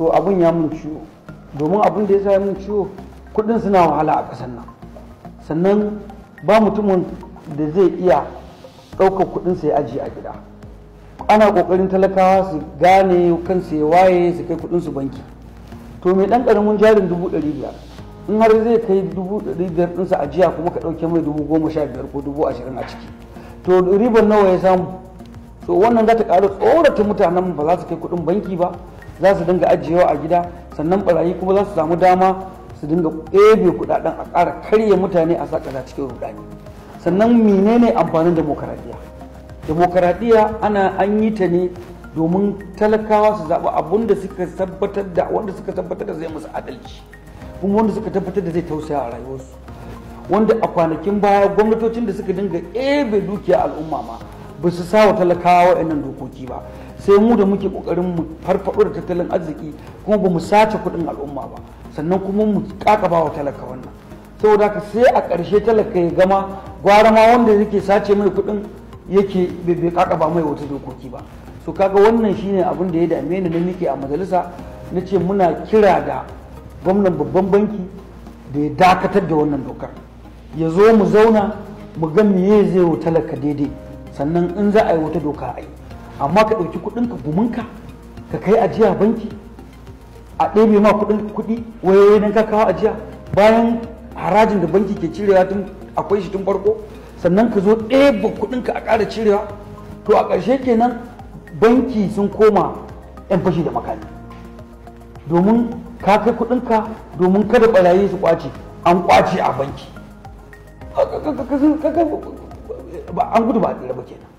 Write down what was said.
to abun ya mun ciwo domin abin da ya sa mun ciwo kudin suna wahala a ƙasar nan sannan ba mutumin da zai iya ɗaukar kudin sai aji a gida ana ƙoƙarin talakawa su gane su ya waye su kai kudin su banki to mai ɗan ƙaramin jarin dubu ɗari biyar in har zai kai dubu ɗari biyar ɗinsa ajiya kuma ka ɗauke mai dubu goma sha biyar ko dubu ashirin a ciki to ribar nawa ya samu to wannan za ta ƙara tsorata mutanen ba za su kai kuɗin banki ba za su dinga ajiyewa a gida sannan barayi kuma za su samu dama su dinga ɗebe kudaden a ƙara karya mutane a sakata cikin rudani sannan menene amfanin demokaradiyya demokaradiyya ana an yi ta ne domin talakawa su zaɓi abun da suka tabbatar da wanda suka tabbatar da zai musu adalci kuma wanda suka tabbatar da zai tausaya a rayuwarsu wanda a kwanakin baya gwamnatocin da suka dinga ɗebe dukiya al'umma ma ba su sa wa talakawa waɗannan dokoki ba sai mu da muke kokarin mu farfado da tattalin arziki kuma ba mu sace kuɗin al'umma ba sannan kuma mu kakaba wa talaka wannan saboda haka sai a ƙarshe talaka ya gama gwara ma wanda yake sace mai kuɗin yake bai kakaba mai wata dokoki ba so kaga wannan shine abin da ya dame ni na muke a majalisa na ce muna kira da gwamnan babban banki da ya dakatar da wannan dokar ya zo mu zauna mu ga me zai wa talaka daidai sannan in za a yi wata doka a yi amma ka ɗauki kuɗinka guminka ka kai ajiya banki a ɗebe ma kuɗin kuɗi wayoyi nan ka kawo ajiya bayan harajin da banki ke cirewa tun akwai shi tun farko sannan ka zo ɗebe kuɗinka a ƙara cirewa to a ƙarshe kenan banki sun koma 'yan fashi da makami domin ka kai kuɗinka domin kada ɓarayi su ƙwace an ƙwace a banki an gudu ba a tsira ba kenan